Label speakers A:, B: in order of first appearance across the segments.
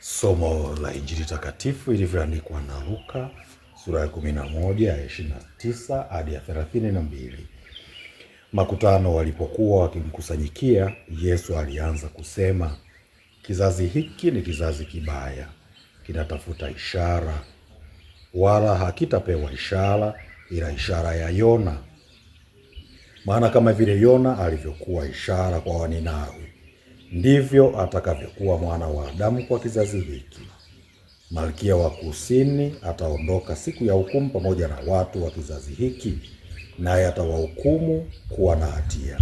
A: Somo la Injili takatifu ilivyoandikwa na Luka sura ya 11 29 hadi ya 32. Makutano walipokuwa wakimkusanyikia Yesu, alianza kusema, kizazi hiki ni kizazi kibaya, kinatafuta ishara, wala hakitapewa ishara ila ishara ya Yona. Maana kama vile Yona alivyokuwa ishara kwa Waninawi, ndivyo atakavyokuwa mwana wa Adamu kwa kizazi hiki. Malkia wa Kusini ataondoka siku ya hukumu pamoja na watu wa kizazi hiki, naye atawahukumu kuwa na hatia,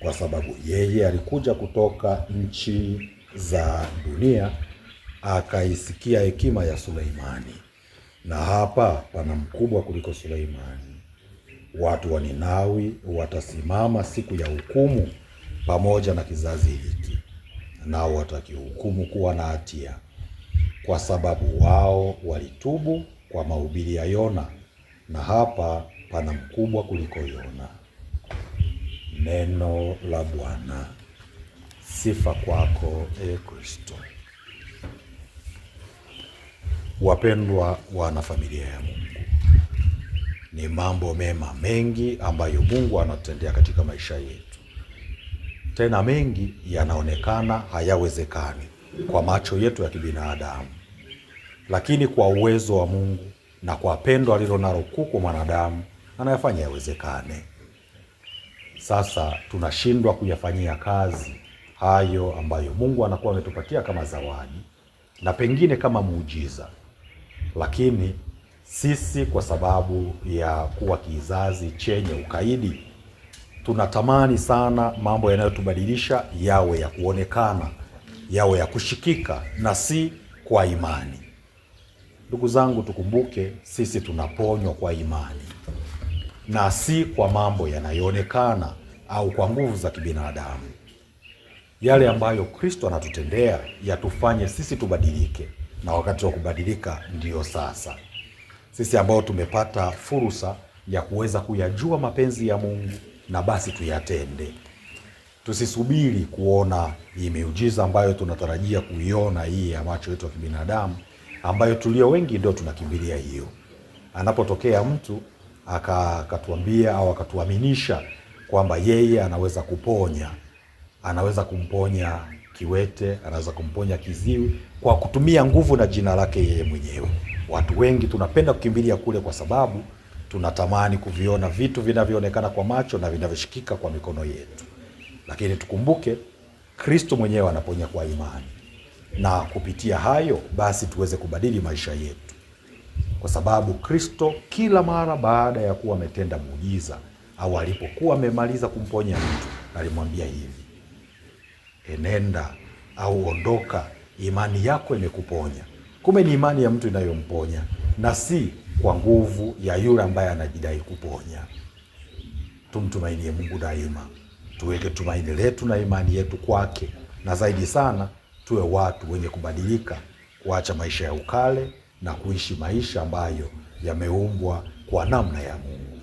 A: kwa sababu yeye alikuja kutoka nchi za dunia akaisikia hekima ya Suleimani, na hapa pana mkubwa kuliko Suleimani. Watu wa Ninawi watasimama siku ya hukumu pamoja na kizazi hiki, nao watakihukumu kuwa na hatia, kwa sababu wao walitubu kwa mahubiri ya Yona, na hapa pana mkubwa kuliko Yona. Neno la Bwana. Sifa kwako e Kristo. Wapendwa wana familia ya Mungu, ni mambo mema mengi ambayo Mungu anatendea katika maisha yetu tena mengi yanaonekana hayawezekani kwa macho yetu ya kibinadamu, lakini kwa uwezo wa Mungu na kwa pendo alilonalo kuu kwa mwanadamu anayafanya yawezekane. Sasa tunashindwa kuyafanyia kazi hayo ambayo Mungu anakuwa ametupatia kama zawadi na pengine kama muujiza, lakini sisi kwa sababu ya kuwa kizazi chenye ukaidi tunatamani sana mambo yanayotubadilisha yawe ya kuonekana, yawe ya kushikika na si kwa imani. Ndugu zangu, tukumbuke sisi tunaponywa kwa imani na si kwa mambo yanayoonekana au kwa nguvu za kibinadamu. Yale ambayo Kristo anatutendea yatufanye sisi tubadilike, na wakati wa kubadilika ndiyo sasa. Sisi ambao tumepata fursa ya kuweza kuyajua mapenzi ya Mungu na basi tuyatende, tusisubiri kuona hii miujiza ambayo tunatarajia kuiona hii ya macho yetu ya kibinadamu, ambayo tulio wengi ndio tunakimbilia hiyo. Anapotokea mtu akatuambia au akatuaminisha kwamba yeye anaweza kuponya, anaweza kumponya kiwete, anaweza kumponya kiziwi kwa kutumia nguvu na jina lake yeye mwenyewe. Watu wengi tunapenda kukimbilia kule kwa sababu tunatamani kuviona vitu vinavyoonekana kwa macho na vinavyoshikika kwa mikono yetu, lakini tukumbuke Kristo mwenyewe anaponya kwa imani, na kupitia hayo basi tuweze kubadili maisha yetu, kwa sababu Kristo kila mara baada ya kuwa ametenda muujiza au alipokuwa amemaliza kumponya mtu alimwambia hivi, enenda au ondoka, imani yako imekuponya. Kumbe ni imani ya mtu inayomponya na si kwa nguvu ya yule ambaye anajidai kuponya. Tumtumainie Mungu daima, tuweke tumaini letu na imani yetu kwake, na zaidi sana tuwe watu wenye kubadilika, kuacha maisha ya ukale na kuishi maisha ambayo yameumbwa kwa namna ya Mungu.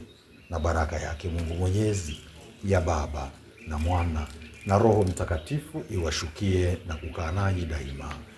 A: Na baraka yake Mungu Mwenyezi ya Baba na Mwana na Roho Mtakatifu iwashukie na kukaa nanyi daima.